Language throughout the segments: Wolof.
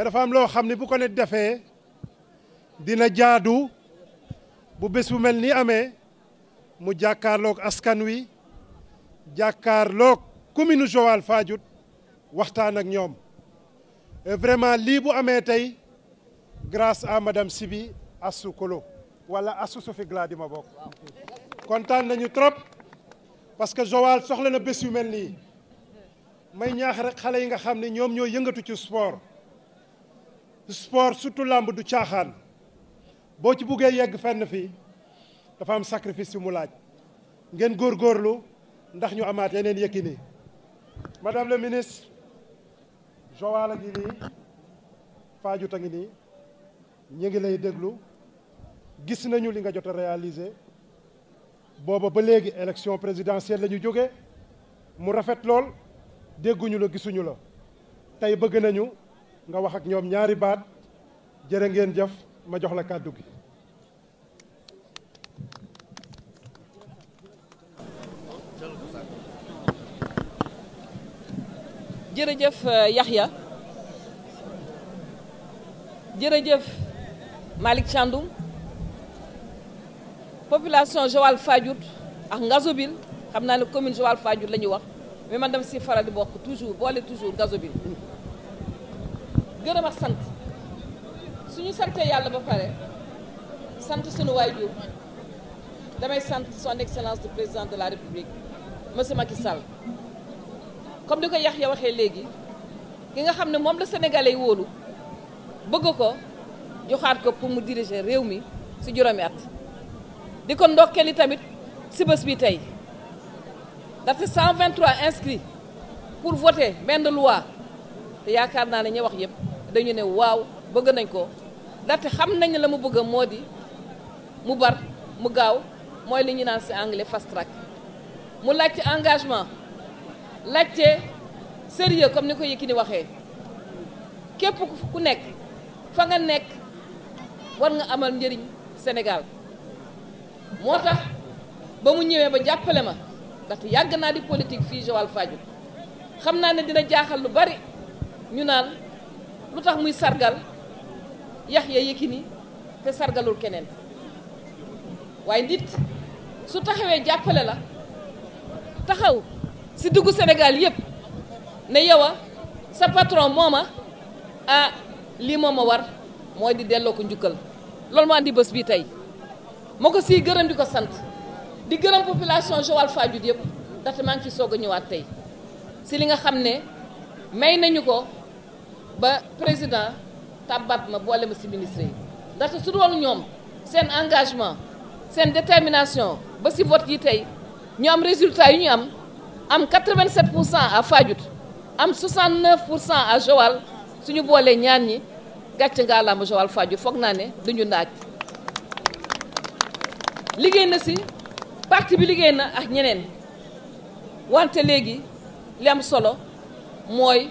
mais dafa am loo bu ko ne defé dina jaadu bu bu melni amé mu askan wi commune Joal waxtaan ak ñom vraiment bu grâce à madame Sibi Assou Kolo wala Assou Sophie Gladi ma nañu trop parce que Joal soxla na bés yu melni may ñaax rek xalé yi nga sport sport surtout làmb du caaxaan boo ci buggee yegg fenn fii dafa am sacrifice mu laaj ngeen góorgóorlu ndax ñu amaat yeneen Yékini madame le ministre Joal a ni nii Fadiouth a ngi nii ñu ngi lay déglu gis nañu li nga jot a réaliser booba ba léegi élection présidentielle mu rafet bëgg nañu nga wax ak ñoom ñaari baat jërë jëf ma jox la kàddu gi. jërëjëf euh, Yaxya jërëjëf Malick Thiandoum population Joal Fadiouth ak Ngazobil xam naa ne commune Joal Fadiouth la ñuy wax mais man dama si faral di bokk toujours boole toujours Ngazobil gërëm ak sant suñu santee yàlla ba pare sant suñu waajur damay sant son excellence du président de la république monsieur Macky Sall comme ni ko ya waxee léegi ki nga xam ne moom la sénégalais yi wóolu bëgg ko joxaat ko pour mu diriger réew mi si juróomi at di ko ndokkeel tamit si bés bi tey ndaxte 123 inscrits pour voter benn loi te yaakaar naa ne ñu wax yëpp dañu ne waaw bëgg nañ ko ndaxte xam nañ la mu bëgg moo di mu bar mu gaaw mooy li ñu naan si anglais fast track mu laajte engagement laajte sérieux comme ni ko Yékini waxee képp ku nekk fa nga nekk war nga amal njëriñ Sénégal moo tax ba mu ñëwee ba jàppale ma ndaxte yàgg naa di politique fii Joal Fadiouth xam naa ne dina jaaxal lu bari ñu naan lu tax muy sargal Yaxya Yékini te sargalul keneen waaye nit su taxawee jàppale la taxaw si dugg Sénégal yëpp ne yow a sa patron mooma ah lii moom a war mooy di delloo ko njukkal loolu moo andi bés bii tey moo ko siy gërëm di ko sant di gërëm population Joal Fadiouth yëpp ndaxte maa ngi fi soog a ñëwaat tey si li nga xam ne may nañu ko le président tabat ma boole ma si ministre yi ndax su doon ñoom seen engagement seen détermination ba si vote yi tey résultat yi ñu am am 87 à Fadiout am 69 pour à Joal suñu boolee ñaan ñi gàcce ngaa làmb Joal foog naa duñu si parti bi liggéey ak li am solo mooy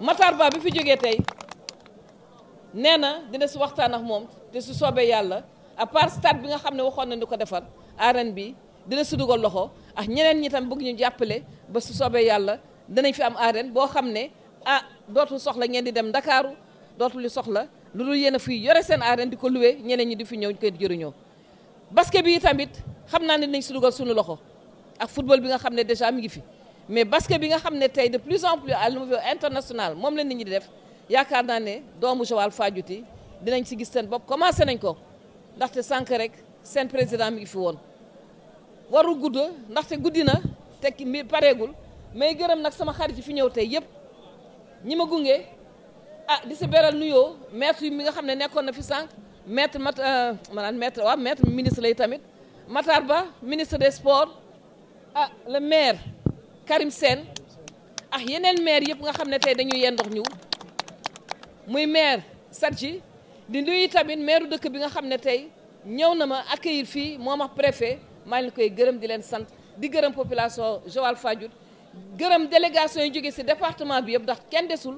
Matar Ba bi fi jógee tey nee na dina si waxtaan ak moom te su soobee yàlla à part stade bi nga xam ne waxoon na ni ko defar arène bi dina si dugal loxo ak ñeneen ñi tam bëgg ñu jàppale ba su soobee yàlla dinañ fi am arène boo xam ne ah dootul soxla ñeen di dem ndakaaru dootul soxla lu dul yéen a fiy yore seen arène di ko luwee ñeneen ñi di fi ñëw ñu koy jëriñoo basket bi tamit xam naa ne dinañ si dugal suñu loxo ak football bi nga xam ne déjà mi ngi fi. mais basket bi nga xamné tay de plus en plus à niveau international mom la nit ñi di def yaakaar naa ne doomu Joal Fadiouth dinañ ci gis seen bopp commencé nañ ko ndax té sank rek sen président mi ngi fi woon warul gudd ndaxte guddi na tekki mi parégul may gëreum nak sama xarit fi ñëw tay yépp ñima gungé ah di si béral nuyo maître yi mi nga xamné ne nekkoon na fi sank maître mat euh, maanaam maître wa maître ministre lay tamit Matar Ba ministre des sports ah le maire Karim Sène ak yeneen maire yëpp nga xam ne tey dañuy yendox ñu muy maire Sadji di nuyu tamit maire dëkk bi nga xam ne tey ñëw na ma ak accueillir fii moom ak préfet maa ngi koy gërëm di leen sant di gërëm population Joal Fadiouth gërëm délégation yu jóge si département bi yëpp ndax kenn desul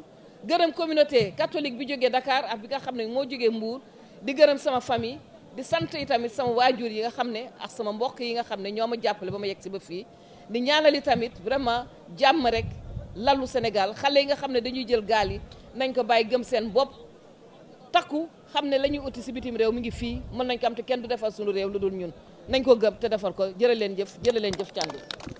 gërëm communauté catholique bi jógee Dakar ak bi nga xam ne moo jógee mbuur di gërëm sama famille di sant yi tamit sama waajur yi nga xam ne ak sama mbokk yi nga xam ne ñoo ma jàppale ba ma yegg si ba fii di ñaanali tamit vraiment jàmm rek lalu Sénégal xale yi nga xam ne dañuy jël gaal yi nañ ko bàyyi gëm seen bopp takku xam ne la ñuy uti si bitim réew mi ngi fii mën nañ ko am te kenn du defar suñu réew lu dul ñun nañ ko gëm te defar ko jërë leen jëf jërë leen jëf càndu